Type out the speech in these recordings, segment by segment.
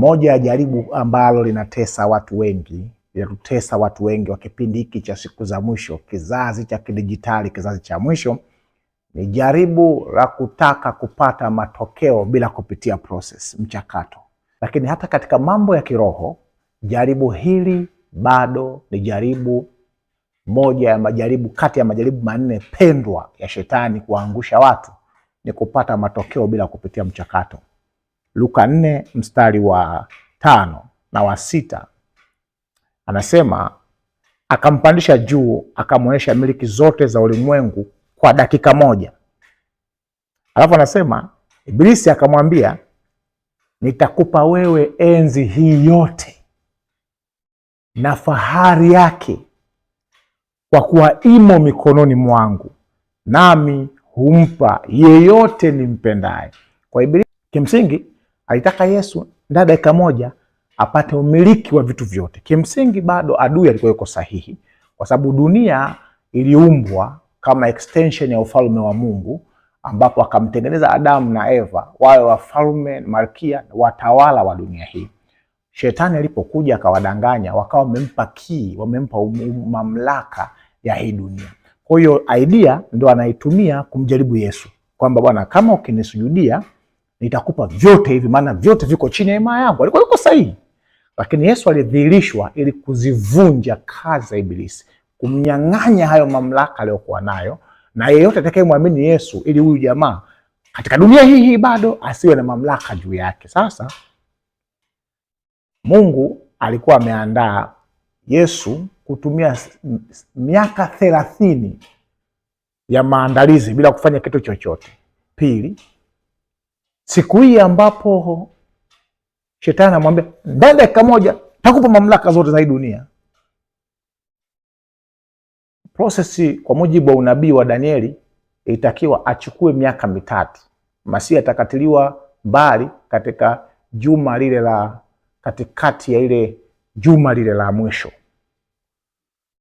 Moja ya jaribu ambalo linatesa watu wengi, linatutesa watu wengi wa kipindi hiki cha siku za mwisho, kizazi cha kidijitali, kizazi cha mwisho, ni jaribu la kutaka kupata matokeo bila kupitia process, mchakato. Lakini hata katika mambo ya kiroho, jaribu hili bado ni jaribu moja ya majaribu kati ya majaribu manne pendwa ya shetani kuangusha watu, ni kupata matokeo bila kupitia mchakato. Luka nne mstari wa tano na wa sita anasema akampandisha juu akamwonyesha miliki zote za ulimwengu kwa dakika moja. Alafu anasema Ibilisi akamwambia, nitakupa wewe enzi hii yote na fahari yake, kwa kuwa imo mikononi mwangu, nami humpa yeyote nimpendaye. Kwa Ibilisi kimsingi Alitaka Yesu ndani dakika moja apate umiliki wa vitu vyote. Kimsingi bado adui alikuwa yuko sahihi, kwa sababu dunia iliumbwa kama extension ya ufalme wa Mungu, ambapo akamtengeneza Adamu na Eva wawe wafalme, malkia, watawala wa dunia hii. Shetani alipokuja akawadanganya, wakawa wamempa kii, wamempa um, um, mamlaka ya hii dunia. Kwa hiyo idea ndo anaitumia kumjaribu Yesu kwamba, bwana, kama ukinisujudia nitakupa vyote hivi, maana vyote viko chini ya hema yangu. Alikuwa yuko sahihi, lakini Yesu alidhihirishwa ili kuzivunja kazi za Ibilisi, kumnyang'anya hayo mamlaka aliyokuwa nayo, na yeyote atakayemwamini Yesu, ili huyu jamaa katika dunia hii hii bado asiwe na mamlaka juu yake. Sasa Mungu alikuwa ameandaa Yesu kutumia miaka thelathini ya maandalizi bila kufanya kitu chochote. Pili, siku hii ambapo shetani anamwambia ndani dakika moja takupa mamlaka zote za hii dunia. Prosesi kwa mujibu wa unabii wa Danieli ilitakiwa achukue miaka mitatu. Masihi atakatiliwa mbali katika juma lile la katikati ya ile juma lile la mwisho.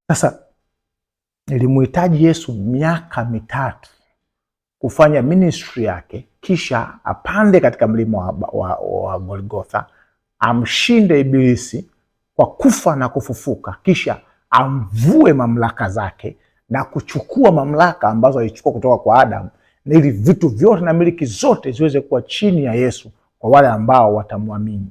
Sasa ilimuhitaji Yesu miaka mitatu kufanya ministry yake kisha apande katika mlima wa, wa, wa Golgotha amshinde Ibilisi kwa kufa na kufufuka, kisha amvue mamlaka zake na kuchukua mamlaka ambazo alichukua kutoka kwa Adamu, ili vitu vyote na miliki zote ziweze kuwa chini ya Yesu kwa wale ambao watamwamini.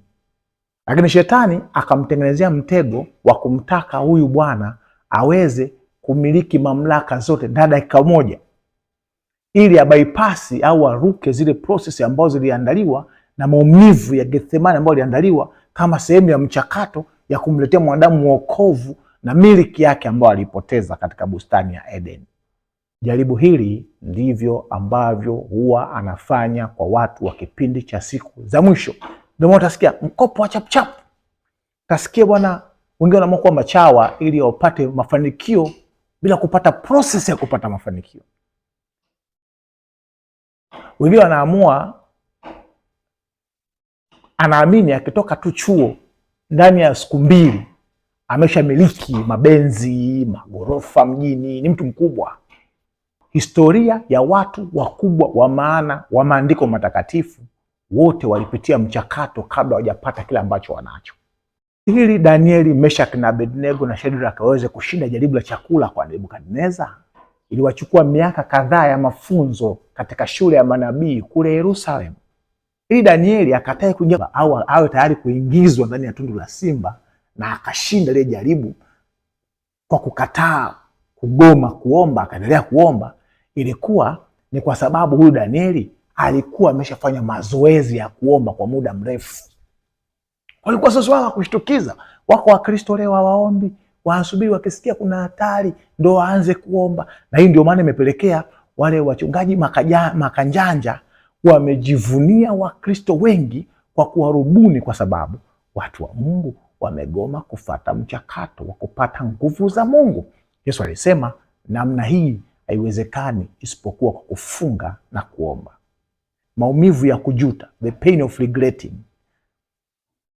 Lakini shetani akamtengenezea mtego wa kumtaka huyu bwana aweze kumiliki mamlaka zote na dakika moja ili abaipasi au aruke zile prosesi ambazo ziliandaliwa na maumivu ya Gethsemane ambayo aliandaliwa kama sehemu ya mchakato ya kumletea mwanadamu wokovu na miliki yake ambayo alipoteza katika bustani ya Eden. Jaribu hili ndivyo ambavyo huwa anafanya kwa watu wa kipindi cha siku za mwisho. Ndio maana utasikia mkopo wa chapchap, utasikia bwana, wengine wanaamua kuwa machawa ili wapate mafanikio bila kupata proses ya kupata mafanikio. Wengine wanaamua, anaamini akitoka tu chuo ndani ya siku mbili ameshamiliki mabenzi, magorofa mjini, ni mtu mkubwa. Historia ya watu wakubwa wa maana wa maandiko matakatifu wote walipitia mchakato kabla hawajapata kile ambacho wanacho. Ili Danieli, Meshaki na Abednego na Shadraka waweze kushinda jaribu la chakula kwa Nebukadneza iliwachukua miaka kadhaa ya mafunzo katika shule ya manabii kule Yerusalemu ili Danieli akatae kuja au awe tayari kuingizwa ndani ya tundu la simba, na akashinda lile jaribu kwa kukataa kugoma kuomba, akaendelea kuomba. Ilikuwa ni kwa sababu huyu Danieli alikuwa ameshafanya mazoezi ya kuomba kwa muda mrefu. Walikuwa sio swala la kushtukiza. Wako Wakristo leo hawaombi, wanasubiri wakisikia kuna hatari ndo waanze kuomba, na hii ndio maana imepelekea wale wachungaji makaja, makanjanja wamejivunia Wakristo wengi kwa kuwarubuni, kwa sababu watu wa Mungu wamegoma kufata mchakato wa kupata nguvu za Mungu. Yesu alisema namna hii haiwezekani isipokuwa kwa kufunga na kuomba. Maumivu ya kujuta, the pain of regretting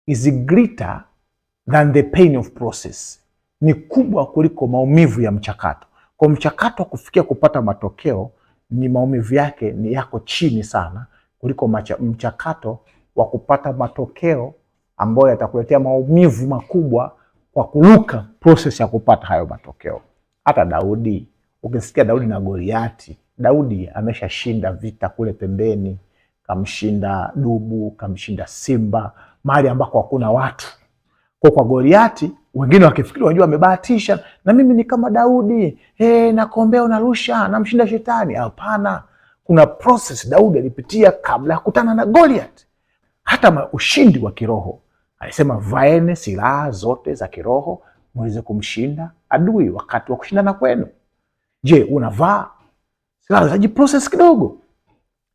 is greater than the pain of process ni kubwa kuliko maumivu ya mchakato. Kwa mchakato kufikia kupata matokeo, ni maumivu yake ni yako chini sana kuliko macha, mchakato wa kupata matokeo ambayo yatakuletea maumivu makubwa kwa kuluka process ya kupata hayo matokeo. Hata Daudi, ukisikia Daudi na Goliati, Daudi ameshashinda vita kule pembeni, kamshinda dubu, kamshinda simba mahali ambako hakuna watu. Kwa kwa Goliati wengine wakifikiri wajua amebahatisha na mimi ni kama Daudi e, nakombea unarusha namshinda shetani. Hapana, kuna proses Daudi alipitia kabla ya kutana na Goliath, hata ushindi wa kiroho. Alisema vaeni silaha zote za kiroho mweze kumshinda adui wakati wa kushindana kwenu. Je, unavaa silaha zaji? Proses kidogo.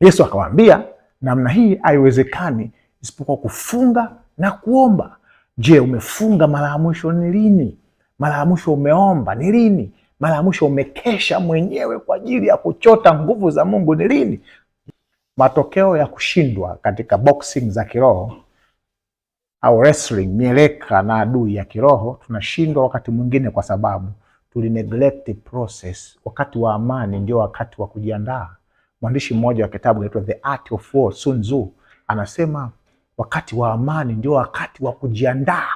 Yesu akawaambia namna hii haiwezekani isipokuwa kufunga na kuomba. Je, umefunga mara ya mwisho ni lini? Mara ya mwisho umeomba ni lini? Mara ya mwisho umekesha mwenyewe kwa ajili ya kuchota nguvu za Mungu ni lini? Matokeo ya kushindwa katika boxing za kiroho au wrestling, mieleka na adui ya kiroho, tunashindwa wakati mwingine kwa sababu tulineglect process. Wakati wa amani ndio wakati wa kujiandaa. Mwandishi mmoja wa kitabu inaitwa The Art of War, Sun Tzu, anasema Wakati wa amani ndio wakati wa kujiandaa,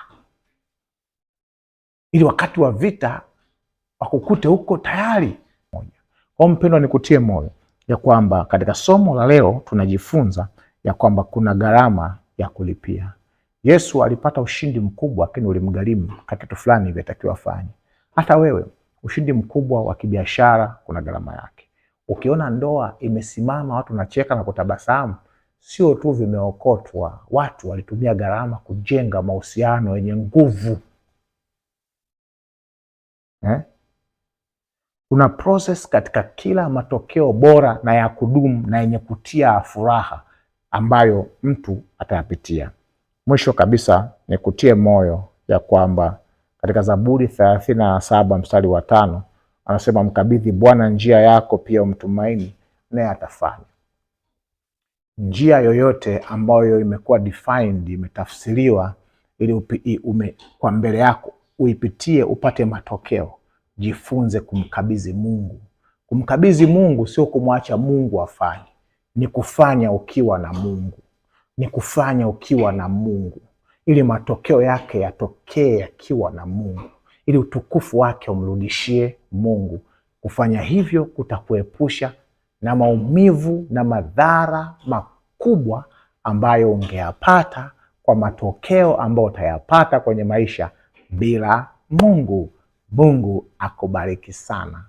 ili wakati wa vita wakukute huko tayari. Kwa mpendwa, nikutie moyo ya kwamba katika somo la leo tunajifunza ya kwamba kuna gharama ya kulipia. Yesu alipata ushindi mkubwa, lakini ulimgharimu katika kitu fulani vyatakiwa afanye. Hata wewe ushindi mkubwa wa kibiashara kuna gharama yake. Ukiona ndoa imesimama, watu nacheka na kutabasamu sio tu vimeokotwa, watu walitumia gharama kujenga mahusiano yenye nguvu eh? Kuna process katika kila matokeo bora na ya kudumu na yenye kutia furaha ambayo mtu atayapitia. Mwisho kabisa ni kutie moyo ya kwamba katika Zaburi thelathini na saba mstari wa tano anasema, mkabidhi Bwana njia yako, pia umtumaini, naye atafanya njia yoyote ambayo imekuwa defined, imetafsiriwa ili upi, ume, kwa mbele yako uipitie upate matokeo. Jifunze kumkabidhi Mungu. Kumkabidhi Mungu sio kumwacha Mungu afanye, ni kufanya ukiwa na Mungu, ni kufanya ukiwa na Mungu, ili matokeo yake yatokee yakiwa na Mungu, ili utukufu wake umrudishie Mungu. Kufanya hivyo kutakuepusha na maumivu na madhara makubwa kubwa ambayo ungeyapata kwa matokeo ambayo utayapata kwenye maisha bila Mungu. Mungu akubariki sana.